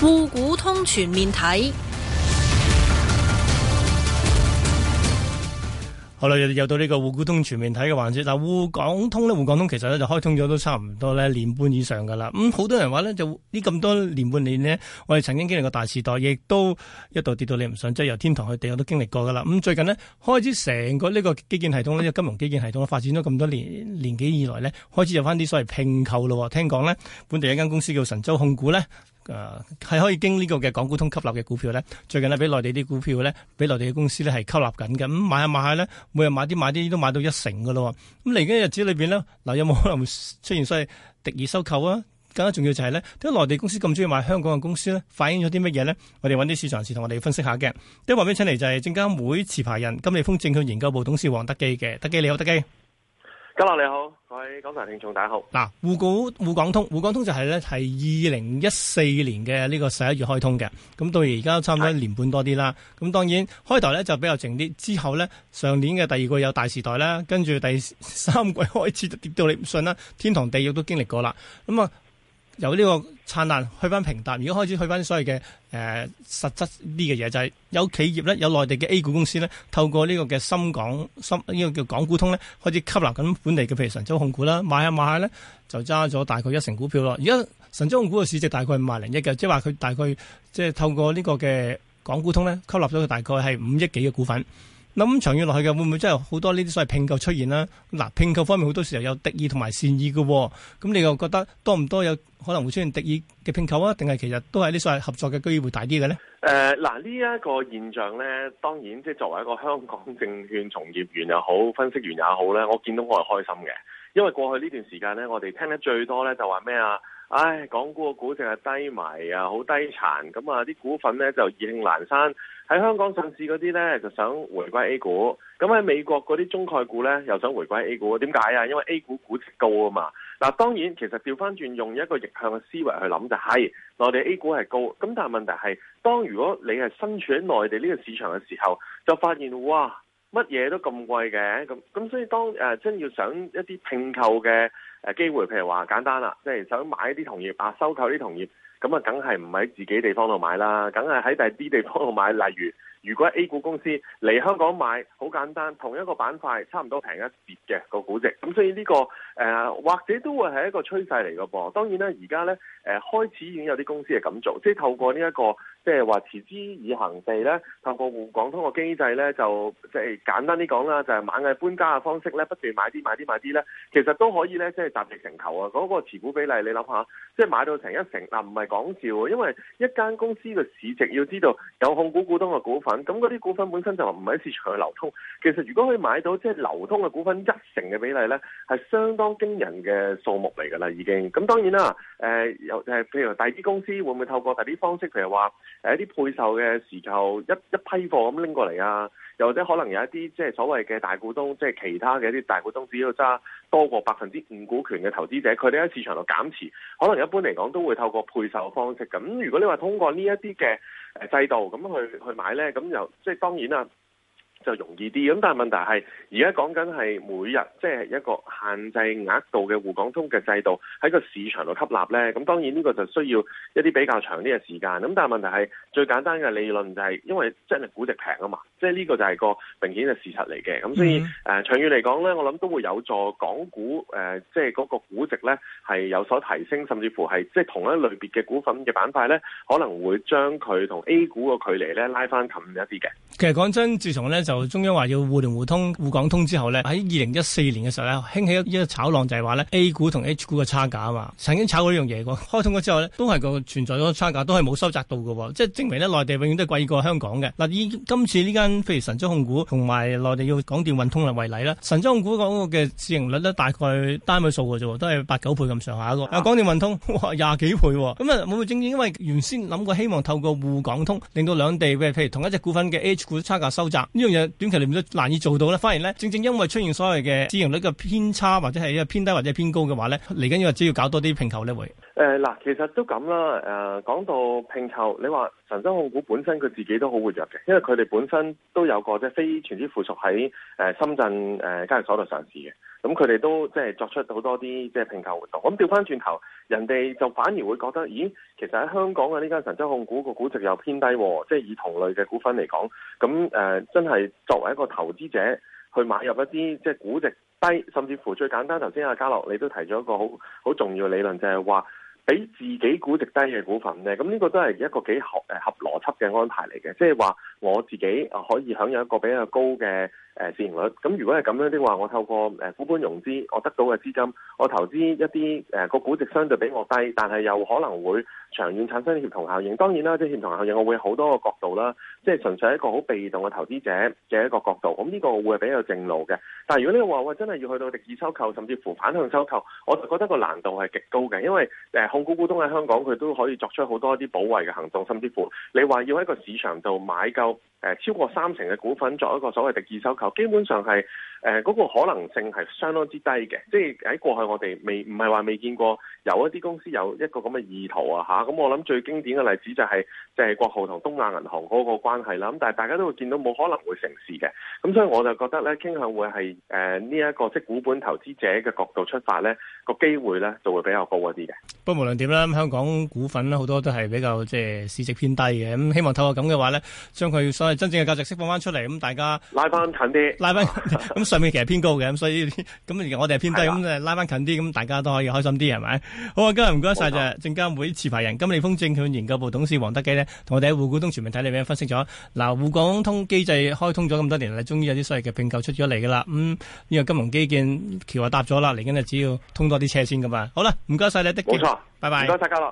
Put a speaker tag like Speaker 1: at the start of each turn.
Speaker 1: 滬股通全面
Speaker 2: 睇，好啦，又到呢個滬股通全面睇嘅環節。但係滬港通呢，滬港通其實呢就開通咗都差唔多呢年半以上噶啦。咁、嗯、好多人話呢，就呢咁多年半年呢，我哋曾經經歷過大時代，亦都一度跌到你唔信，即係由天堂去地獄都經歷過噶啦。咁、嗯、最近呢，開始成個呢個基建系統咧，呢個、金融基建系統咧發展咗咁多年年幾以來呢，開始有翻啲所謂併購咯。聽講呢，本地一間公司叫神州控股呢。誒、呃，係可以經呢個嘅港股通吸納嘅股票咧，最近呢俾內地啲股票咧，俾內地嘅公司咧係吸納緊嘅。咁買下買下咧，每日買啲買啲都買到一成噶啦。咁嚟緊嘅日子裏邊呢，嗱有冇可能會出現所謂敵意收購啊？更加重要就係咧，點解內地公司咁中意買香港嘅公司呢，反映咗啲乜嘢呢？我哋搵啲市場時同我哋分析下嘅。都話俾你聽嚟就係證監會持牌人金利豐證券研究部董事黃德基嘅。德基你好，德基。
Speaker 1: Hello，你好，各位港台
Speaker 2: 聽眾，大家好。嗱、啊，滬股滬港通，滬港通就係咧係二零一四年嘅呢個十一月開通嘅，咁到而家差唔多一年半多啲啦。咁當然開台咧就比較靜啲，之後咧上年嘅第二季有大時代啦，跟住第三季開始就跌到你唔信啦，天堂地獄都經歷過啦。咁啊。由呢個燦爛去翻平淡，如果開始去翻所謂嘅誒、呃、實質啲嘅嘢，就係、是、有企業咧，有內地嘅 A 股公司咧，透過呢個嘅深港深呢個叫港股通咧，開始吸納緊本地嘅，譬如神州控股啦，買下買下咧就揸咗大概一成股票咯。而家神州控股嘅市值大概係五萬零億嘅，即係話佢大概即係、就是、透過呢個嘅港股通咧，吸納咗佢大概係五億幾嘅股份。諗長遠落去嘅會唔會真係好多呢啲所謂併購出現啦？嗱、啊，併購方面好多時候有敵意同埋善意嘅，哦，咁你又覺得多唔多有可能會出現敵意嘅併購啊？定係其實都係呢啲所謂合作嘅機會大啲嘅咧？
Speaker 1: 誒、呃，嗱，呢一個現象咧，當然即係作為一個香港證券從業員又好，分析員也好咧，我見到我係開心嘅，因為過去呢段時間咧，我哋聽得最多咧就話咩啊？唉，港股個估值係低迷啊，好低殘咁啊！啲股份呢，就意興闌珊喺香港上市嗰啲呢，就想回歸 A 股，咁喺美國嗰啲中概股呢，又想回歸 A 股，點解啊？因為 A 股估值高啊嘛！嗱，當然其實調返轉用一個逆向嘅思維去諗就係內地 A 股係高，咁但係問題係當如果你係身處喺內地呢個市場嘅時候，就發現哇乜嘢都咁貴嘅咁咁，所以當、呃、真要想一啲併購嘅。誒、啊、機會，譬如話簡單啦，即係想買一啲同業啊，收購啲同業，咁啊梗係唔喺自己地方度買啦，梗係喺第啲地方度買，例如。如果喺 A 股公司嚟香港買，好簡單，同一個板塊差唔多平一折嘅、嗰個估值，咁所以呢、呢個誒、呃、或者都會係一個趨勢嚟噶噃。當然啦，而家咧誒開始已經有啲公司係咁做，即係透過呢、呢、一個即係話持之以恒地咧，透過滬港通個機制咧，就即係簡單啲講啦，就係螞蟻搬家嘅方式咧，不斷買啲買啲買啲咧，其實都可以咧，即係集腋成裘啊！嗰、嗰個持股比例你諗下，即係買到成一成嗱，唔係講笑啊，因為一間公司嘅市值要知道有控股股東嘅股份。咁嗰啲股份本身就唔係喺市場去流通，其實如果佢買到即係、就是、流通嘅股份一成嘅比例咧，係相當驚人嘅數目嚟㗎啦，已經。咁當然啦，誒有誒，譬如大啲公司會唔會透過大啲方式，譬如話一啲配售嘅時候一一批貨咁拎過嚟啊？又或者可能有一啲即係所謂嘅大股東，即、就、係、是、其他嘅一啲大股東，只要揸多過百分之五股權嘅投資者，佢哋喺市場度減持，可能一般嚟講都會透過配售嘅方式。咁如果你話通過呢一啲嘅。制度咁去去買咧，咁又即係當然啦。就容易啲咁，但係問題係而家講緊係每日即係一個限制額度嘅滬港通嘅制度喺個市場度吸納咧，咁當然呢個就需要一啲比較長啲嘅時間。咁但係問題係最簡單嘅理論就係、是、因為真係估值平啊嘛，即係呢個就係個明顯嘅事實嚟嘅。咁、嗯、所以誒、呃、長遠嚟講咧，我諗都會有助港股誒、呃，即係嗰個估值咧係有所提升，甚至乎係即係同一類別嘅股份嘅板塊咧，可能會將佢同 A 股個距離咧拉翻近一啲嘅。
Speaker 2: 其實講真，自從咧。就中央話要互聯互通、滬港通之後咧，喺二零一四年嘅時候咧，興起一個炒浪就係話咧 A 股同 H 股嘅差價啊嘛，曾經炒過呢樣嘢。開通咗之後咧，都係個存在咗差價，都係冇收窄到嘅，即係證明咧內地永遠都係貴過香港嘅。嗱，以今次呢間譬如神州控股同埋內地要廣電運通嚟為例啦，神州控股嗰個嘅市盈率咧大概單位數嘅啫，都係八九倍咁上下一個。啊，廣電運通哇廿幾倍，咁啊冇乜爭，因為原先諗過希望透過滬港通令到兩地譬如同一隻股份嘅 H 股差價收窄呢樣嘢。短期裏面都難以做到咧，反而咧正正因為出現所謂嘅市盈率嘅偏差或者係一個偏低或者偏高嘅話咧，嚟緊要係只要搞多啲併購咧會。
Speaker 1: 誒，嗱，其實都咁啦。誒、呃，講到併購，你話。神州控股本身佢自己都好活躍嘅，因為佢哋本身都有個即係非全資附屬喺深圳誒交易所度上市嘅，咁佢哋都即係作出好多啲即係併購活動。咁調翻轉頭，人哋就反而會覺得，咦，其實喺香港嘅呢間神州控股個估值又偏低，即係以同類嘅股份嚟講，咁真係作為一個投資者去買入一啲即係估值低，甚至乎最簡單頭先阿嘉樂你都提咗一個好好重要理論，就係話。喺自己估值低嘅股份咧，咁呢個都係一個幾合誒合邏輯嘅安排嚟嘅，即係話我自己可以享有一個比較高嘅誒市盈率。咁如果係咁樣的話，我透過誒股本融資，我得到嘅資金，我投資一啲誒個估值相對比我低，但係又可能會。長遠產生協同效應，當然啦，即係協同效應，我會好多個角度啦，即係純粹一個好被動嘅投資者嘅一個角度，咁呢個我會係比較正路嘅。但係如果你話我真係要去到敵意收購，甚至乎反向收購，我就覺得個難度係極高嘅，因為誒控股股東喺香港佢都可以作出好多一啲保衞嘅行動，甚至乎你話要喺個市場度買夠。誒超過三成嘅股份作一個所謂的第二收購，基本上係誒嗰個可能性係相當之低嘅，即係喺過去我哋未唔係話未見過有一啲公司有一個咁嘅意圖啊吓。咁、嗯、我諗最經典嘅例子就係、是、就係、是、國浩同東亞銀行嗰個關係啦。咁但係大家都會見到冇可能會成事嘅。咁、嗯、所以我就覺得咧，傾向會係誒呢一個即係股本投資者嘅角度出發咧，個機會咧就會比較高一啲嘅。
Speaker 2: 不過無論點啦，香港股份咧好多都係比較即係、呃、市值偏低嘅。咁希望透過咁嘅話咧，將佢真正嘅價值釋放翻出嚟，咁大家拉翻近啲，拉翻咁 上面其實偏高嘅，咁所以咁我哋係偏低，咁誒拉翻近啲，咁大家都可以開心啲，係咪？好啊，今日唔該晒就係證監會持牌人金利豐證券研究部董事黃德基呢，同我哋喺滬股通全面睇裏面分析咗。嗱，滬港通機制開通咗咁多年咧，終於有啲所謂嘅並購出咗嚟噶啦。咁呢個金融基建橋搭咗啦，嚟緊就只要多通多啲車先噶嘛。好啦，唔該晒你，德基。拜拜，唔該曬，